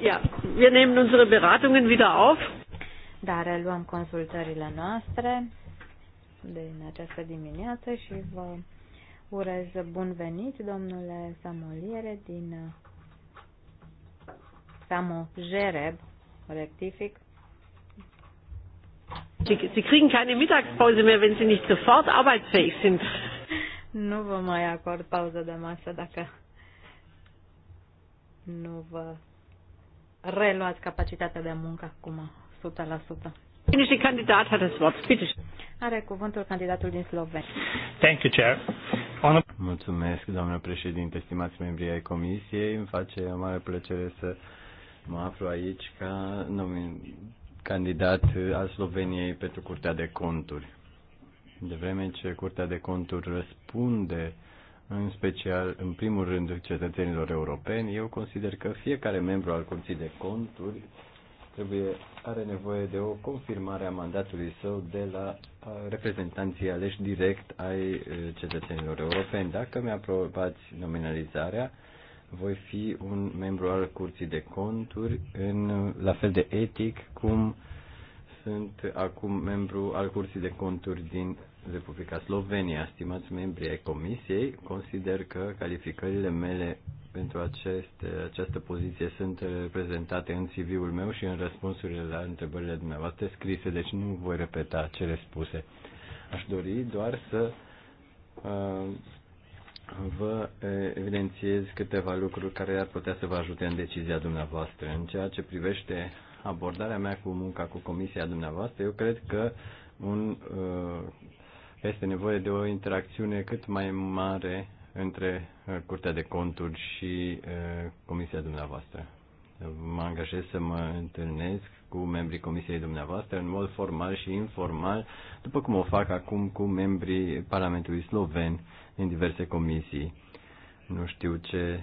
Ja, wir nehmen unsere Beratungen wieder auf. Da reluăm consultările noastre din această dimineață și vă urez bun venit, domnule Samoliere din Samo Jereb, rectific. Sie kriegen keine Mittagspause mehr, wenn Sie nicht sofort arbeitsfähig sind. Nu vă mai acord pauză de masă dacă nu vă reluați capacitatea de muncă acum, 100%. Are cuvântul candidatul din Slovenia. Thank you, Chair. Mulțumesc, doamnă președinte, stimați membri ai comisiei. Îmi face mare plăcere să mă aflu aici ca candidat al Sloveniei pentru Curtea de Conturi. De vreme ce Curtea de Conturi răspunde în special, în primul rând, cetățenilor europeni, eu consider că fiecare membru al Curții de Conturi trebuie, are nevoie de o confirmare a mandatului său de la reprezentanții aleși direct ai cetățenilor europeni. Dacă mi-aprobați nominalizarea, voi fi un membru al Curții de Conturi, în, la fel de etic cum sunt acum membru al Curții de Conturi din Republica Slovenia. Stimați membri ai Comisiei, consider că calificările mele pentru aceste, această poziție sunt prezentate în CV-ul meu și în răspunsurile la întrebările dumneavoastră scrise, deci nu voi repeta cele spuse. Aș dori doar să uh, vă evidențiez câteva lucruri care ar putea să vă ajute în decizia dumneavoastră. În ceea ce privește abordarea mea cu munca cu comisia dumneavoastră, eu cred că un uh, este nevoie de o interacțiune cât mai mare între uh, Curtea de Conturi și uh, Comisia dumneavoastră. Mă angajez să mă întâlnesc cu membrii Comisiei dumneavoastră în mod formal și informal, după cum o fac acum cu membrii Parlamentului Sloven din diverse comisii. Nu știu ce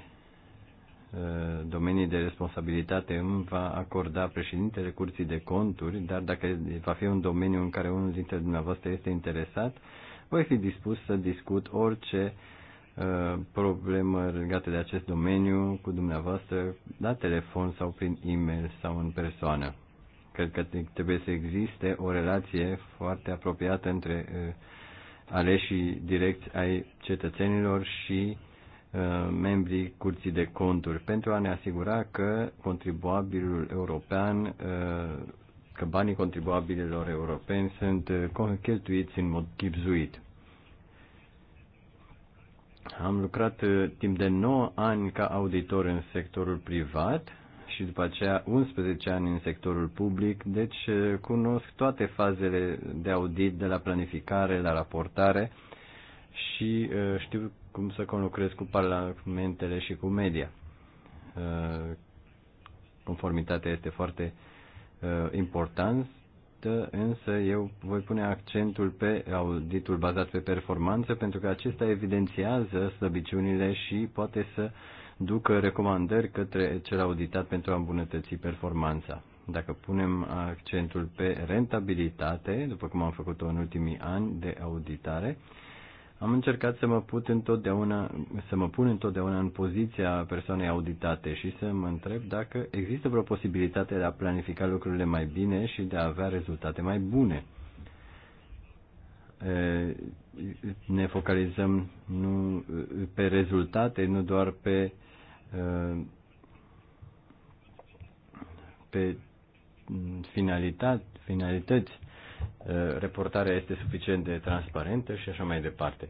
domenii de responsabilitate îmi va acorda președintele Curții de Conturi, dar dacă va fi un domeniu în care unul dintre dumneavoastră este interesat, voi fi dispus să discut orice uh, problemă legată de acest domeniu cu dumneavoastră la telefon sau prin e-mail sau în persoană. Cred că trebuie să existe o relație foarte apropiată între uh, aleșii direcți ai cetățenilor și Uh, membrii Curții de Conturi pentru a ne asigura că contribuabilul european, uh, că banii contribuabililor europeni sunt uh, cheltuiți în mod chipzuit. Am lucrat timp de 9 ani ca auditor în sectorul privat și după aceea 11 ani în sectorul public, deci cunosc toate fazele de audit, de la planificare la raportare și uh, știu cum să conlucrez cu parlamentele și cu media. Uh, conformitatea este foarte uh, importantă, însă eu voi pune accentul pe auditul bazat pe performanță, pentru că acesta evidențiază slăbiciunile și poate să ducă recomandări către cel auditat pentru a îmbunătăți performanța. Dacă punem accentul pe rentabilitate, după cum am făcut-o în ultimii ani de auditare, uh, am încercat să mă, put întotdeauna, să mă pun întotdeauna în poziția persoanei auditate și să mă întreb dacă există vreo posibilitate de a planifica lucrurile mai bine și de a avea rezultate mai bune. Ne focalizăm nu pe rezultate, nu doar pe, pe finalitate, finalități Eh, reportarea este suficient de transparentă și așa mai departe.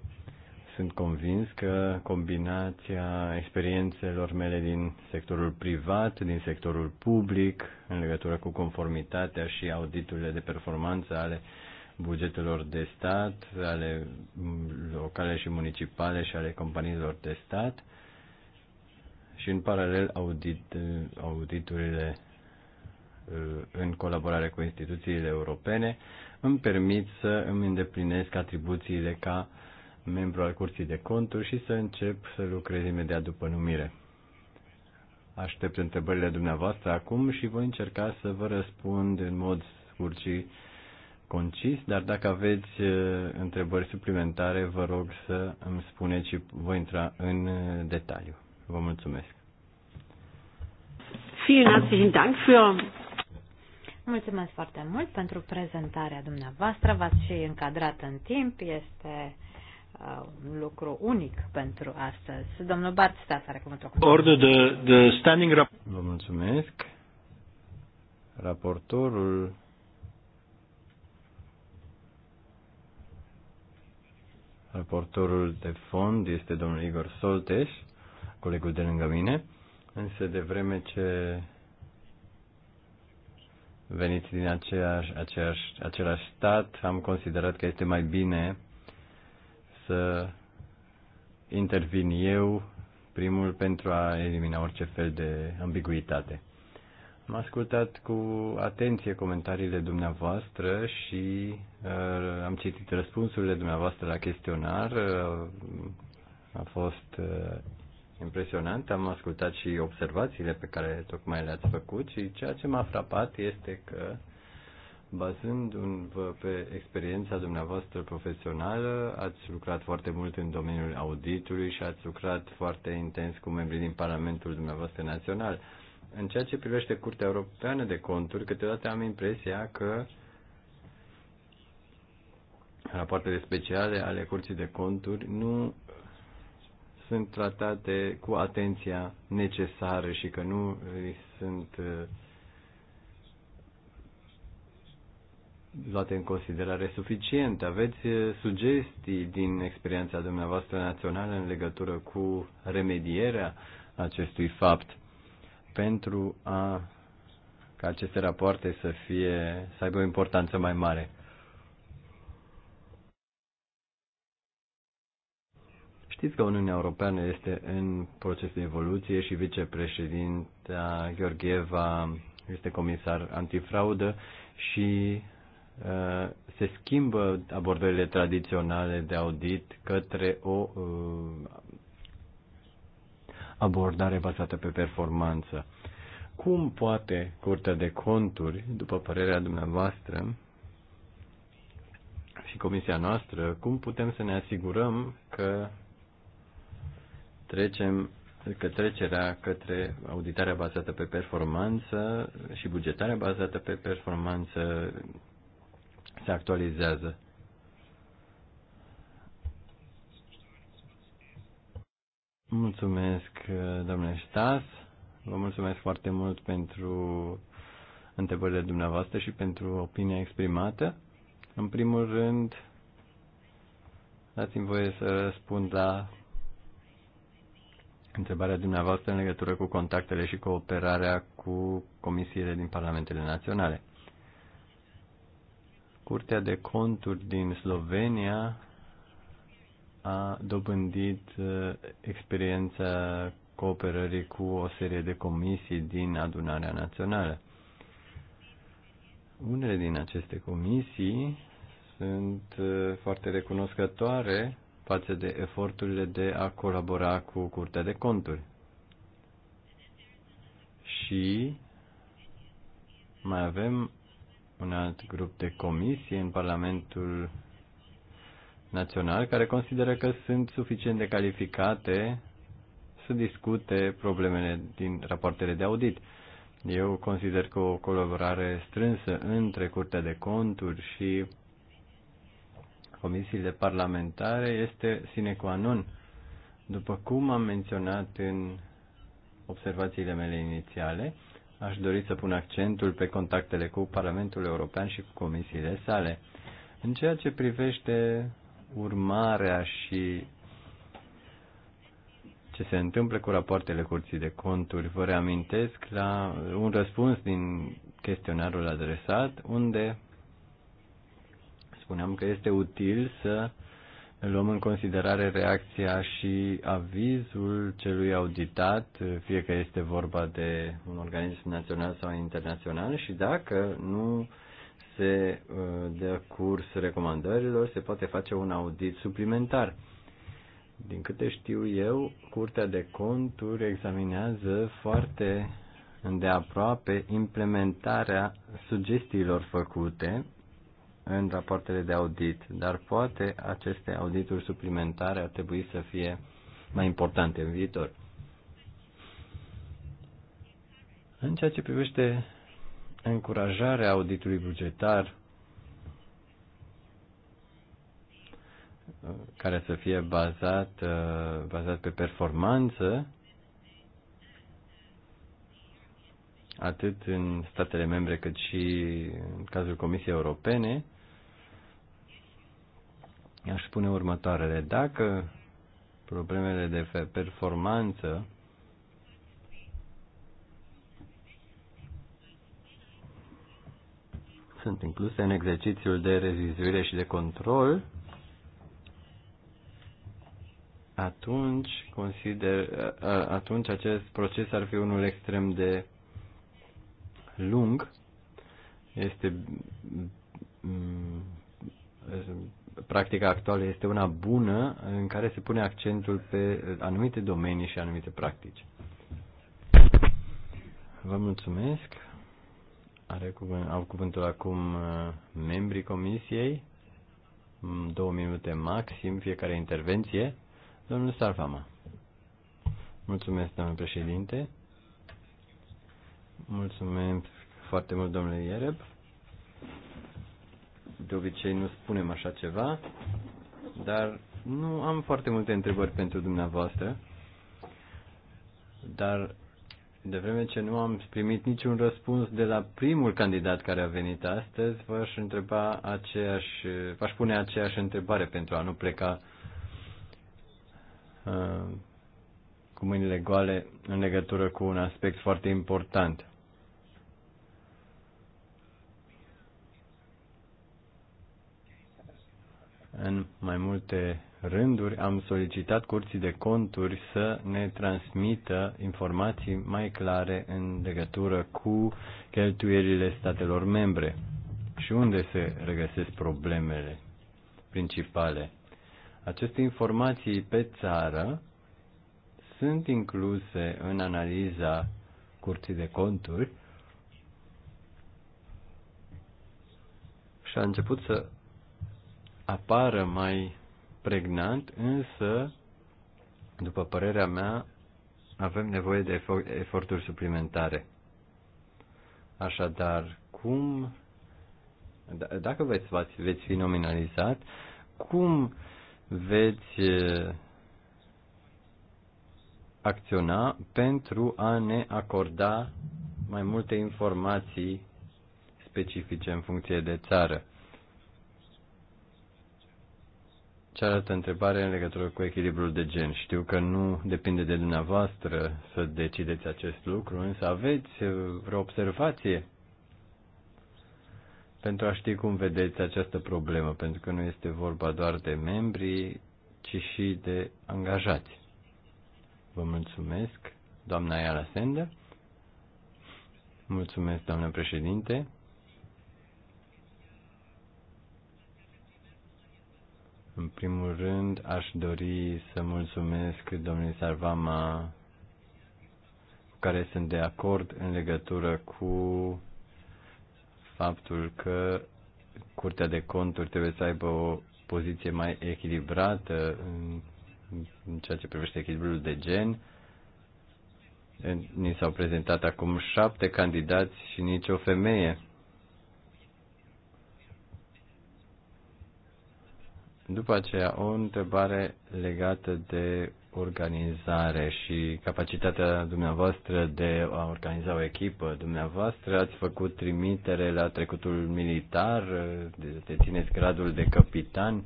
Sunt convins că combinația experiențelor mele din sectorul privat, din sectorul public, în legătură cu conformitatea și auditurile de performanță ale bugetelor de stat, ale locale și municipale și ale companiilor de stat, și în paralel audit, auditurile Uh, în colaborare cu instituțiile europene, îmi permit să îmi îndeplinesc atribuțiile ca membru al Curții de Conturi și să încep să lucrez imediat după numire. Aștept întrebările dumneavoastră acum și voi încerca să vă răspund în mod scurt și concis, dar dacă aveți uh, întrebări suplimentare, vă rog să îmi spuneți și voi intra în uh, detaliu. Vă mulțumesc. Vielen herzlichen Dank für Mulțumesc foarte mult pentru prezentarea dumneavoastră. V-ați și încadrat în timp. Este uh, un lucru unic pentru astăzi. Domnul Bart Stas are cuvântul. Ordă de, de standing rap- Vă mulțumesc. Raportorul Raportorul de fond este domnul Igor Solteș, colegul de lângă mine, însă de vreme ce veniți din aceeași, aceeași, același stat, am considerat că este mai bine să intervin eu primul pentru a elimina orice fel de ambiguitate. Am ascultat cu atenție comentariile dumneavoastră și uh, am citit răspunsurile dumneavoastră la chestionar. Uh, a fost uh, impresionant. Am ascultat și observațiile pe care tocmai le-ați făcut și ceea ce m-a frapat este că, bazându-vă pe experiența dumneavoastră profesională, ați lucrat foarte mult în domeniul auditului și ați lucrat foarte intens cu membrii din Parlamentul dumneavoastră național. În ceea ce privește Curtea Europeană de Conturi, câteodată am impresia că rapoartele speciale ale Curții de Conturi nu sunt tratate cu atenția necesară și că nu sunt uh, luate în considerare suficient. Aveți uh, sugestii din experiența dumneavoastră națională în legătură cu remedierea acestui fapt pentru a ca aceste rapoarte să fie să aibă o importanță mai mare. Știți că Uniunea Europeană este în proces de evoluție și vicepreședinta Gheorgheva este comisar antifraudă și uh, se schimbă abordările tradiționale de audit către o uh, abordare bazată pe performanță. Cum poate Curtea de Conturi, după părerea dumneavoastră și comisia noastră, cum putem să ne asigurăm că trecem că trecerea către auditarea bazată pe performanță și bugetarea bazată pe performanță se actualizează. Mulțumesc, domnule Stas. Vă mulțumesc foarte mult pentru întrebările dumneavoastră și pentru opinia exprimată. În primul rând, dați-mi voie să răspund la întrebarea dumneavoastră în legătură cu contactele și cooperarea cu comisiile din Parlamentele Naționale. Curtea de Conturi din Slovenia a dobândit uh, experiența cooperării cu o serie de comisii din adunarea națională. Unele din aceste comisii sunt uh, foarte recunoscătoare față de eforturile de a colabora cu Curtea de Conturi. Și mai avem un alt grup de comisie în Parlamentul Național care consideră că sunt suficient de calificate să discute problemele din rapoartele de audit. Eu consider că o colaborare strânsă între Curtea de Conturi și comisiile parlamentare este sine qua non. După cum am menționat în observațiile mele inițiale, aș dori să pun accentul pe contactele cu Parlamentul European și cu comisiile sale. În ceea ce privește urmarea și ce se întâmplă cu rapoartele curții de conturi, vă reamintesc la un răspuns din chestionarul adresat, unde spuneam că este util să luăm în considerare reacția și avizul celui auditat, fie că este vorba de un organism național sau internațional și dacă nu se uh, dă curs recomandărilor, se poate face un audit suplimentar. Din câte știu eu, Curtea de Conturi examinează foarte îndeaproape implementarea sugestiilor făcute în rapoartele de audit, dar poate aceste audituri suplimentare ar trebui să fie mai importante în viitor. În ceea ce privește încurajarea auditului bugetar, care să fie bazat, bazat pe performanță, atât în statele membre cât și în cazul Comisiei Europene, aș spune următoarele. Dacă problemele de performanță sunt incluse în exercițiul de revizuire și de control, atunci consider atunci acest proces ar fi unul extrem de lung este practica actuală este una bună în care se pune accentul pe anumite domenii și anumite practici. Vă mulțumesc. Are cuvânt, au cuvântul acum uh, membrii comisiei. Mm, două minute maxim fiecare intervenție. Domnul Sarfama. Mulțumesc, domnul președinte. Mulțumesc foarte mult, domnule Iereb de obicei nu spunem așa ceva, dar nu am foarte multe întrebări pentru dumneavoastră. Dar de vreme ce nu am primit niciun răspuns de la primul candidat care a venit astăzi, v-aș întreba aceeași, v-aș pune aceeași întrebare pentru a nu pleca uh, cu mâinile goale în legătură cu un aspect foarte important. În mai multe rânduri am solicitat curții de conturi să ne transmită informații mai clare în legătură cu cheltuielile statelor membre și unde se regăsesc problemele principale. Aceste informații pe țară sunt incluse în analiza curții de conturi și a început să apară mai pregnant, însă, după părerea mea, avem nevoie de eforturi suplimentare. Așadar, cum, da, dacă veți, veți fi nominalizat, cum veți acționa pentru a ne acorda mai multe informații specifice în funcție de țară. cealaltă întrebare în legătură cu echilibrul de gen. Știu că nu depinde de dumneavoastră să decideți acest lucru, însă aveți uh, vreo observație pentru a ști cum vedeți această problemă, pentru că nu este vorba doar de membri, ci și de angajați. Vă mulțumesc, doamna Iala Sender. Mulțumesc, doamnă președinte. În primul rând, aș dori să mulțumesc domnului Sarvama, cu care sunt de acord în legătură cu faptul că Curtea de Conturi trebuie să aibă o poziție mai echilibrată în ceea ce privește echilibrul de gen. Ni s-au prezentat acum șapte candidați și nicio femeie După aceea, o întrebare legată de organizare și capacitatea dumneavoastră de a organiza o echipă. Dumneavoastră ați făcut trimitere la trecutul militar, dețineți gradul de capitan.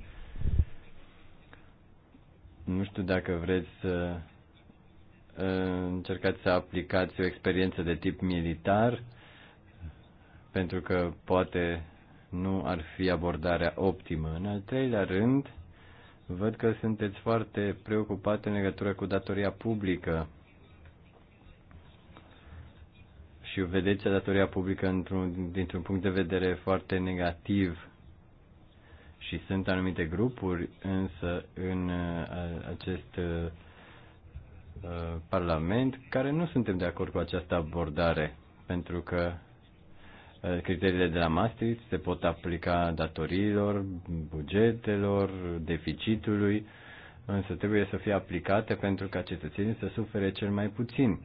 Nu știu dacă vreți să ă, încercați să aplicați o experiență de tip militar, pentru că poate nu ar fi abordarea optimă. În al treilea rând, văd că sunteți foarte preocupate în legătură cu datoria publică și vedeți datoria publică într-un, dintr-un punct de vedere foarte negativ și sunt anumite grupuri, însă în uh, acest uh, uh, Parlament care nu suntem de acord cu această abordare, pentru că Eh, criteriile de la Maastricht se pot aplica datoriilor, bugetelor, deficitului, însă trebuie să fie aplicate pentru ca cetățenii să sufere cel mai puțin.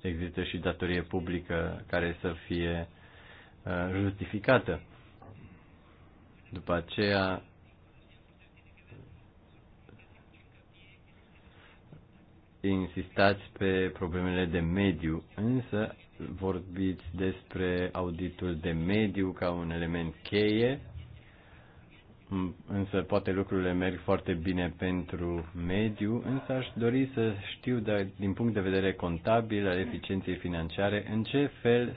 Există și datorie publică care să fie eh, justificată. După aceea, insistați pe problemele de mediu, însă vorbiți despre auditul de mediu ca un element cheie, însă poate lucrurile merg foarte bine pentru mediu, însă aș dori să știu de, din punct de vedere contabil al eficienței financiare în ce fel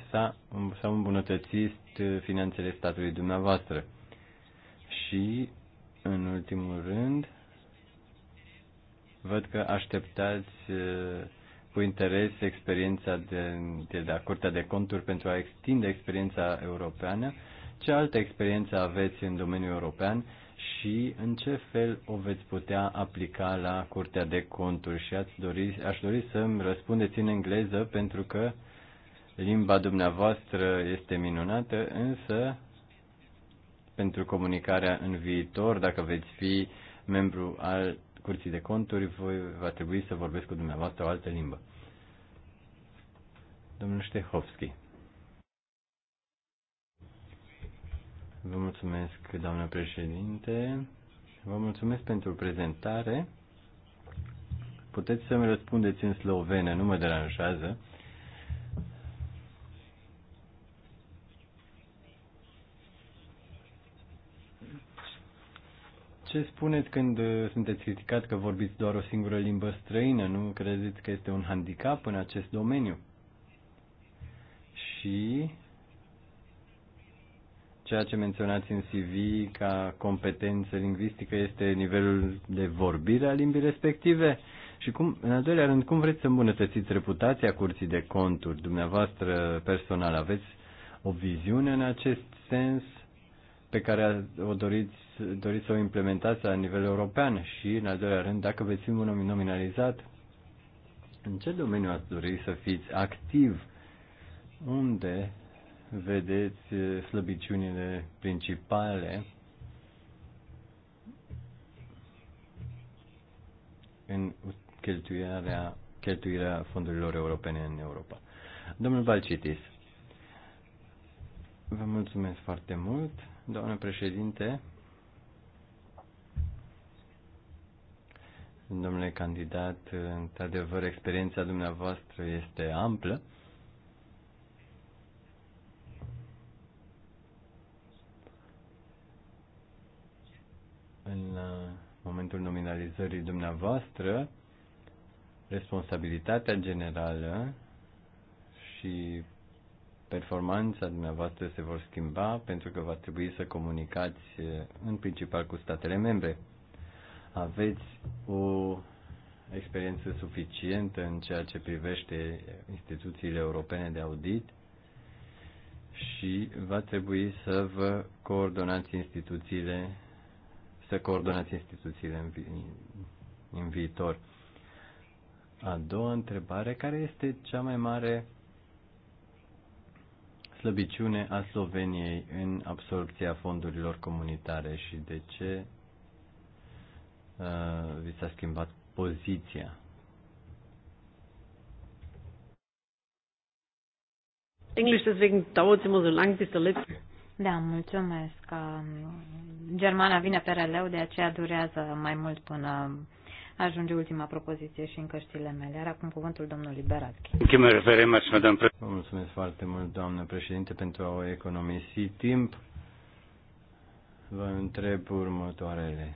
s-au îmbunătățit finanțele statului dumneavoastră. Și, în ultimul rând, Văd că așteptați uh, cu interes experiența de, de la Curtea de Conturi pentru a extinde experiența europeană. Ce altă experiență aveți în domeniul european și în ce fel o veți putea aplica la Curtea de Conturi? Și ați dori, aș dori să-mi răspundeți în engleză pentru că limba dumneavoastră este minunată, însă pentru comunicarea în viitor, dacă veți fi membru al Curții de Conturi, voi, va trebui să vorbesc cu dumneavoastră o altă limbă. Domnul Ștehovski. Vă mulțumesc, doamnă președinte. Vă mulțumesc pentru prezentare. Puteți să-mi răspundeți în slovene nu mă deranjează. Ce spuneți când uh, sunteți criticat că vorbiți doar o singură limbă străină? Nu credeți că este un handicap în acest domeniu? Și ceea ce menționați în CV ca competență lingvistică este nivelul de vorbire a limbii respective? Și cum, în al doilea rând, cum vreți să îmbunătățiți reputația curții de conturi? Dumneavoastră personal aveți o viziune în acest sens pe care o doriți veți dori să o implementați la nivel european și, în al doilea rând, dacă veți fi nominalizat, în ce domeniu ați dori să fiți activ? Unde vedeți eh, slăbiciunile principale în cheltuirea, cheltuirea fondurilor europene în Europa? Domnul Balcitis, vă mulțumesc foarte mult, doamnă președinte. Domnule candidat, într-adevăr, experiența dumneavoastră este amplă. În uh, momentul nominalizării dumneavoastră, responsabilitatea generală și performanța dumneavoastră se vor schimba pentru că va trebui să comunicați uh, în principal cu statele membre aveți o experiență suficientă în ceea ce privește instituțiile europene de audit și va trebui să vă coordonați instituțiile să coordonați instituțiile în, vi- în viitor. A doua întrebare, care este cea mai mare slăbiciune a Sloveniei în absorpția fondurilor comunitare și de ce Uh, vi s-a schimbat poziția. English, deswegen dauert es immer so lang bis der letzte. Da, mulțumesc. Um, germana vine pe releu, de aceea durează mai mult până ajunge ultima propoziție și în căștile mele. Iar acum cuvântul domnului Beratchi. Vă mulțumesc foarte mult, doamnă președinte, pentru a o economisi timp. Vă întreb următoarele.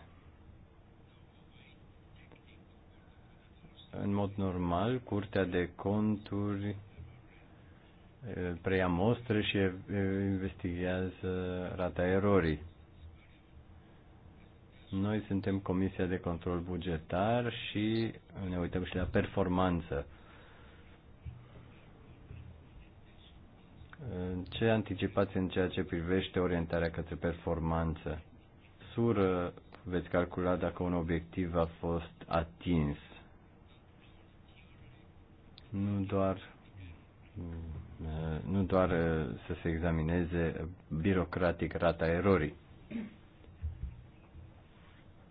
în mod normal, Curtea de Conturi preia mostre și investigează rata erorii. Noi suntem Comisia de Control Bugetar și ne uităm și la performanță. Ce anticipați în ceea ce privește orientarea către performanță? Sură veți calcula dacă un obiectiv a fost atins nu doar nu doar uh, să se examineze birocratic rata erorii.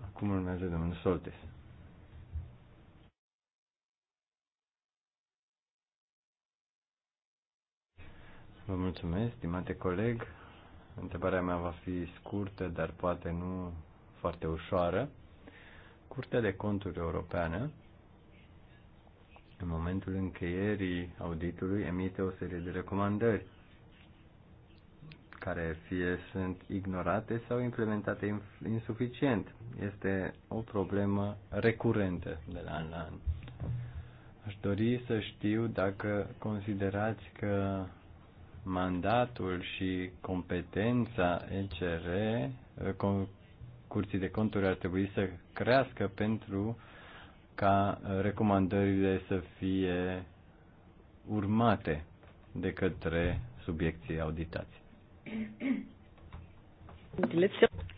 Acum urmează domnul Soltes. Vă mulțumesc, stimate coleg. Întrebarea mea va fi scurtă, dar poate nu foarte ușoară. Curtea de Conturi Europeană în momentul încheierii auditului, emite o serie de recomandări care fie sunt ignorate sau implementate insuficient. Este o problemă recurentă de la an la an. Aș dori să știu dacă considerați că mandatul și competența ECR, Curții de Conturi, ar trebui să crească pentru ca uh, recomandările să fie urmate de către subiecții auditați.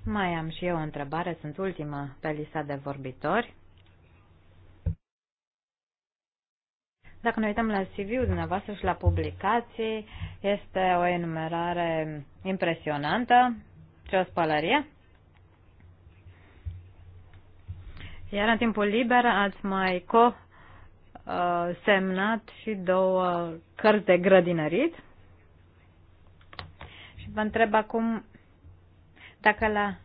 Mai am și eu o întrebare, sunt ultima pe lista de vorbitori. Dacă ne uităm la CV-ul dumneavoastră și la publicații, este o enumerare impresionantă. Ce o spălărie! Iar în timpul liber ați mai co semnat și două cărți de grădinărit. Și vă întreb acum dacă la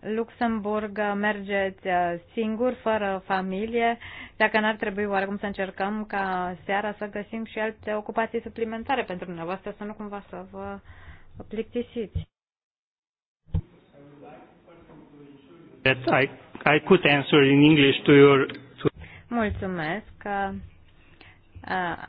Luxemburg mergeți uh, singur, fără familie, dacă n-ar trebui oarecum să încercăm ca seara să găsim și alte ocupații suplimentare pentru dumneavoastră, să nu cumva să vă plictisiți. That I I could answer in English to your... To... Mulțumesc. Că, uh, uh,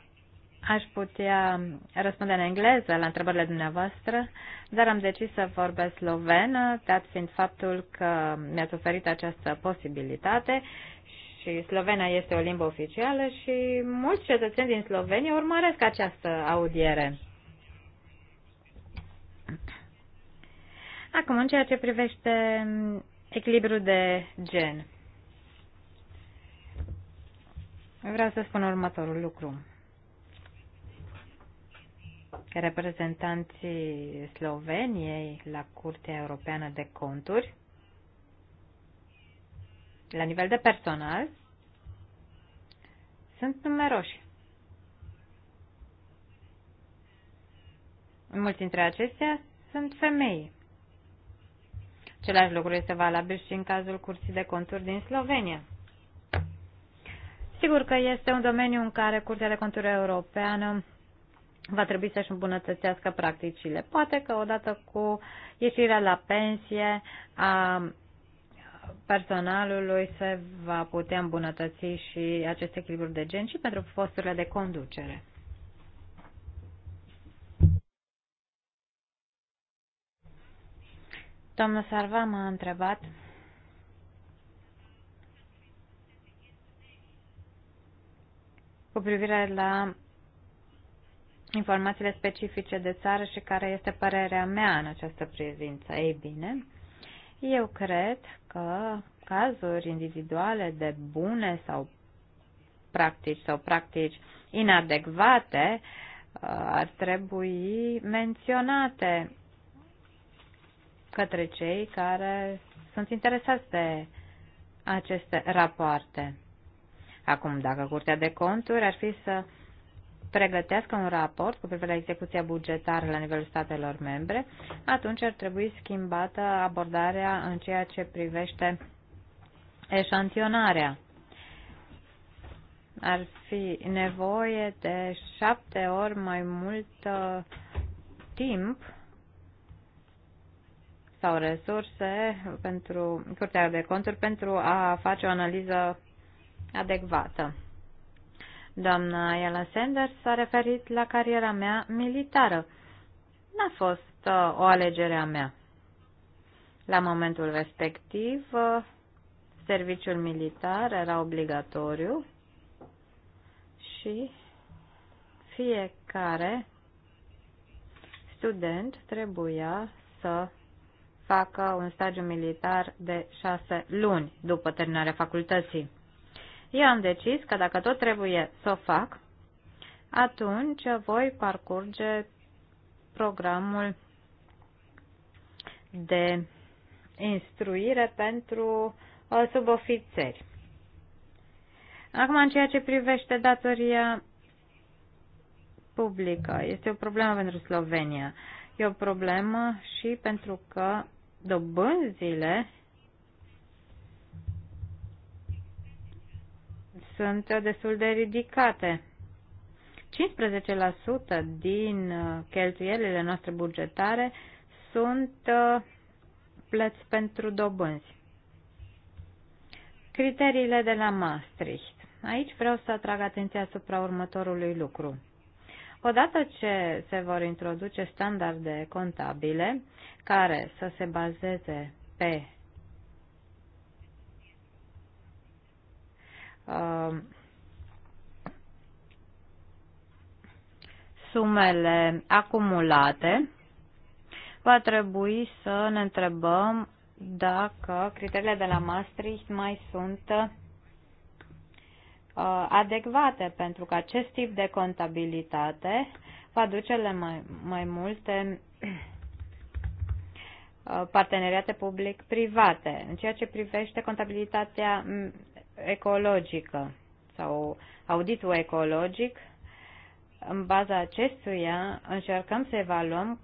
aș putea răspunde în engleză la întrebările dumneavoastră, dar am decis să vorbesc slovenă, dat fiind faptul că mi-ați oferit această posibilitate și slovena este o limbă oficială și mulți cetățeni din Slovenia urmăresc această audiere. Acum, în ceea ce privește Echilibru de gen. Vreau să spun următorul lucru. Reprezentanții Sloveniei la Curtea Europeană de Conturi, la nivel de personal, sunt numeroși. Mulți dintre acestea sunt femei. Același lucru este valabil și în cazul Curții de Conturi din Slovenia. Sigur că este un domeniu în care Curtea de Conturi Europeană va trebui să-și îmbunătățească practicile. Poate că odată cu ieșirea la pensie a personalului se va putea îmbunătăți și acest echilibru de gen și pentru posturile de conducere. Domnul Sarva m-a întrebat cu privire la informațiile specifice de țară și care este părerea mea în această privință. Ei bine, eu cred că cazuri individuale de bune sau practici sau practici inadecvate uh, ar trebui menționate către cei care sunt interesați de aceste rapoarte. Acum, dacă Curtea de Conturi ar fi să pregătească un raport cu privire la execuția bugetară la nivelul statelor membre, atunci ar trebui schimbată abordarea în ceea ce privește eșantionarea. Ar fi nevoie de șapte ori mai mult uh, timp sau resurse pentru Curtea de Conturi pentru a face o analiză adecvată. Doamna Ella Sanders s-a referit la cariera mea militară. N-a fost uh, o alegere a mea. La momentul respectiv, uh, serviciul militar era obligatoriu și fiecare student trebuia să facă un stagiu militar de șase luni după terminarea facultății. Eu am decis că dacă tot trebuie să o fac, atunci voi parcurge programul de instruire pentru ă, subofițeri. Acum, în ceea ce privește datoria publică, este o problemă pentru Slovenia. E o problemă și pentru că dobânzile sunt destul de ridicate. 15% din uh, cheltuielile noastre bugetare sunt uh, plăți pentru dobânzi. Criteriile de la Maastricht. Aici vreau să atrag atenția asupra următorului lucru. Odată ce se vor introduce standarde contabile care să se bazeze pe uh, sumele acumulate, va trebui să ne întrebăm dacă criteriile de la Maastricht mai sunt Uh, adecvate, pentru că acest tip de contabilitate va duce la mai, mai multe uh, parteneriate public-private, în ceea ce privește contabilitatea mm, ecologică sau auditul ecologic, în baza acestuia încercăm să evaluăm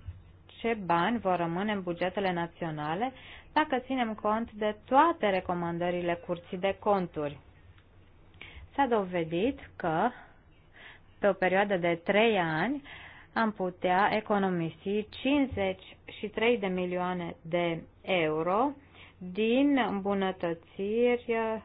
ce bani vor rămâne în bugetele naționale dacă ținem cont de toate recomandările curții de conturi s-a dovedit că pe o perioadă de 3 ani am putea economisi 53 de milioane de euro din îmbunătățiri uh,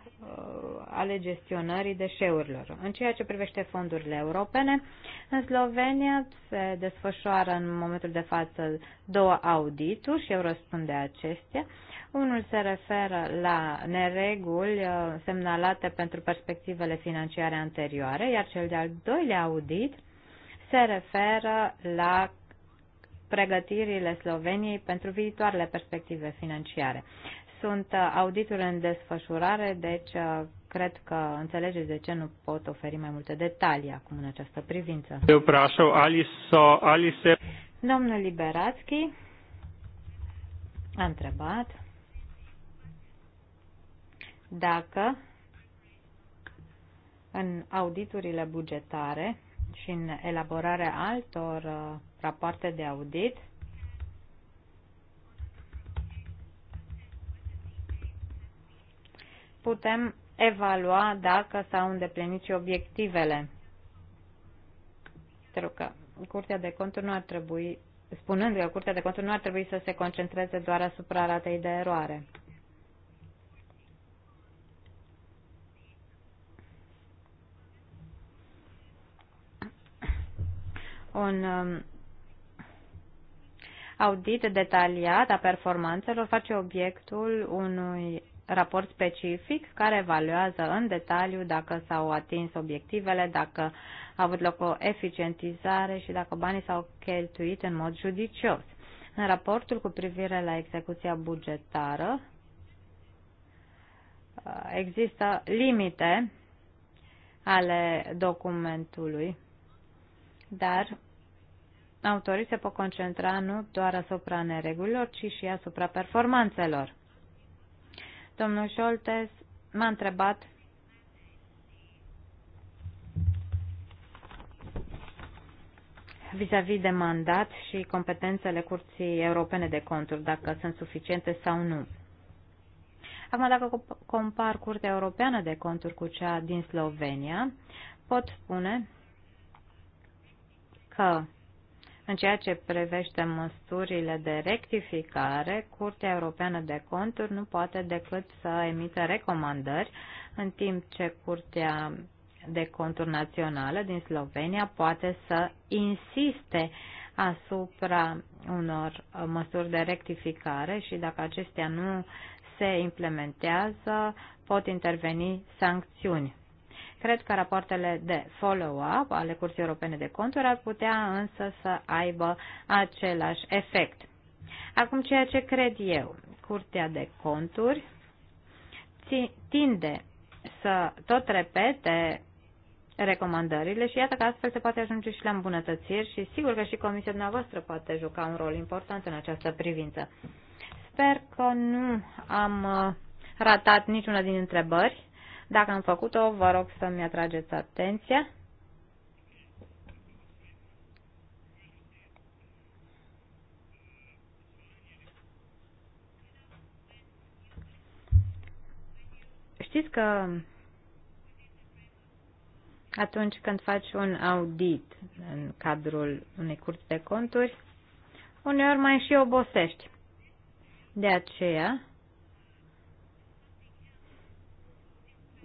ale gestionării deșeurilor. În ceea ce privește fondurile europene, în Slovenia se desfășoară în momentul de față două audituri și eu răspund de acestea. Unul se referă la nereguli uh, semnalate pentru perspectivele financiare anterioare, iar cel de-al doilea audit se referă la pregătirile Sloveniei pentru viitoarele perspective financiare. Sunt uh, audituri în desfășurare, deci uh, cred că înțelegeți de ce nu pot oferi mai multe detalii acum în această privință. Eu prașau Alice, Alice. Domnul Liberațchi a întrebat dacă în auditurile bugetare și în elaborarea altor uh, rapoarte de audit putem evalua dacă s-au îndeplinit și obiectivele. Pentru că Curtea de Conturi nu ar trebui, spunând că Curtea de Conturi nu ar trebui să se concentreze doar asupra ratei de eroare. Un um, audit detaliat a performanțelor face obiectul unui raport specific care evaluează în detaliu dacă s-au atins obiectivele, dacă a avut loc o eficientizare și dacă banii s-au cheltuit în mod judicios. În raportul cu privire la execuția bugetară există limite ale documentului, dar autorii se pot concentra nu doar asupra neregulilor, ci și asupra performanțelor. Domnul Șoltes m-a întrebat vis-a-vis -vis de mandat și competențele Curții Europene de Conturi, dacă sunt suficiente sau nu. Acum, dacă compar Curtea Europeană de Conturi cu cea din Slovenia, pot spune că în ceea ce privește măsurile de rectificare, Curtea Europeană de Conturi nu poate decât să emită recomandări, în timp ce Curtea de Conturi Națională din Slovenia poate să insiste asupra unor măsuri de rectificare și dacă acestea nu se implementează, pot interveni sancțiuni. Cred că rapoartele de follow-up ale Curții Europene de Conturi ar putea însă să aibă același efect. Acum, ceea ce cred eu, Curtea de Conturi tinde să tot repete recomandările și iată că astfel se poate ajunge și la îmbunătățiri și sigur că și comisia dumneavoastră poate juca un rol important în această privință. Sper că nu am uh, ratat niciuna din întrebări. Dacă am făcut-o, vă rog să-mi atrageți atenția. Știți că atunci când faci un audit în cadrul unei curți de conturi, uneori mai și obosești. De aceea,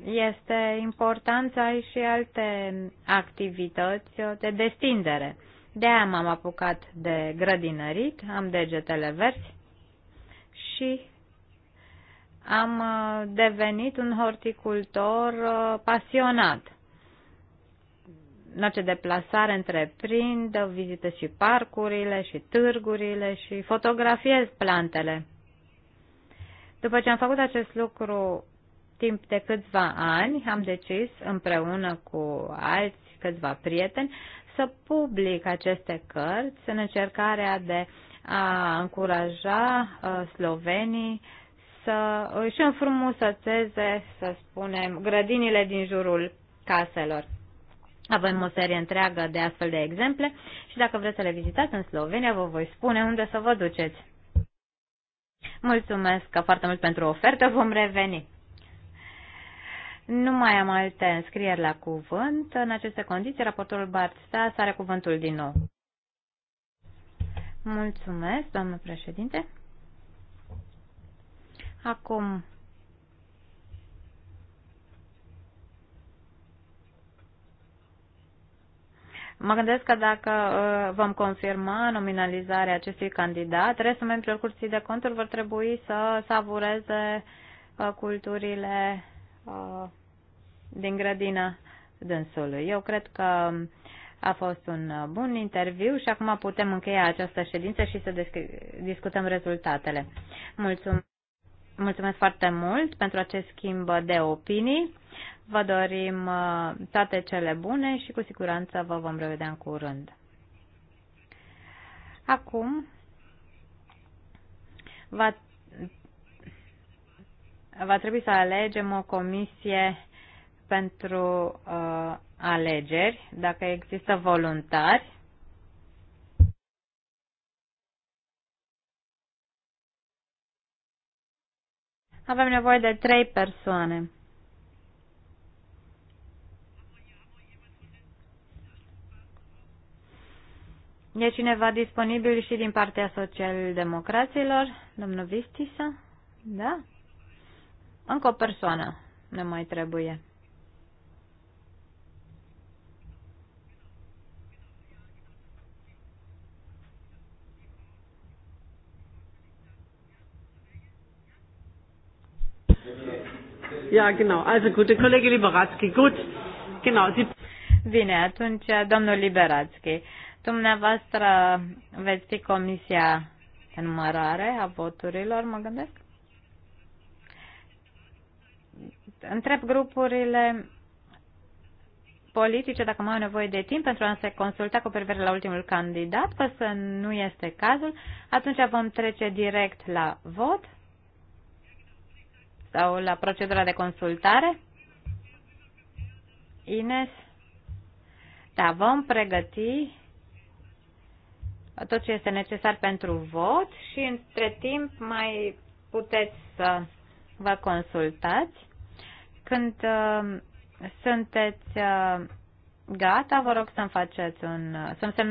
este important să ai și alte activități de destindere. De aia m-am apucat de grădinărit, am degetele verzi și am uh, devenit un horticultor uh, pasionat. În orice deplasare întreprind, vizită și parcurile și târgurile și fotografiez plantele. După ce am făcut acest lucru timp de câțiva ani am decis împreună cu alți câțiva prieteni să public aceste cărți în încercarea de a încuraja uh, slovenii să își înfrumusețeze, să spunem, grădinile din jurul caselor. Avem o serie întreagă de astfel de exemple și dacă vreți să le vizitați în Slovenia, vă voi spune unde să vă duceți. Mulțumesc foarte mult pentru ofertă, vom reveni. Nu mai am alte înscrieri la cuvânt. În aceste condiții, raportorul Bart Stas are cuvântul din nou. Mulțumesc, doamnă președinte. Acum Mă gândesc că dacă uh, vom confirma nominalizarea acestui candidat, restul membrilor curții de conturi vor trebui să savureze uh, culturile din grădina dânsului. Eu cred că a fost un bun interviu și acum putem încheia această ședință și să discutăm rezultatele. Mulțumesc! Mulțumesc foarte mult pentru acest schimb de opinii. Vă dorim toate cele bune și cu siguranță vă vom revedea în curând. Acum v-ați va trebui să alegem o comisie pentru uh, alegeri, dacă există voluntari. Avem nevoie de trei persoane. E cineva disponibil și din partea social-democraților? Domnul Vistisa? Da? Încă o persoană ne mai trebuie. Ja, genau. Also gut, der Kollege Liberatski, Gut. Genau. Sie Bine, atunci, domnul Liberatski, dumneavoastră veți fi comisia numărare a voturilor, mă gândesc? Întreb grupurile politice dacă mai au nevoie de timp pentru a se consulta cu privire la ultimul candidat, că să nu este cazul, atunci vom trece direct la vot sau la procedura de consultare. Ines, da, vom pregăti tot ce este necesar pentru vot și între timp mai puteți să vă consultați. Când uh, sunteți uh, gata, vă rog să-mi faceți un, să-mi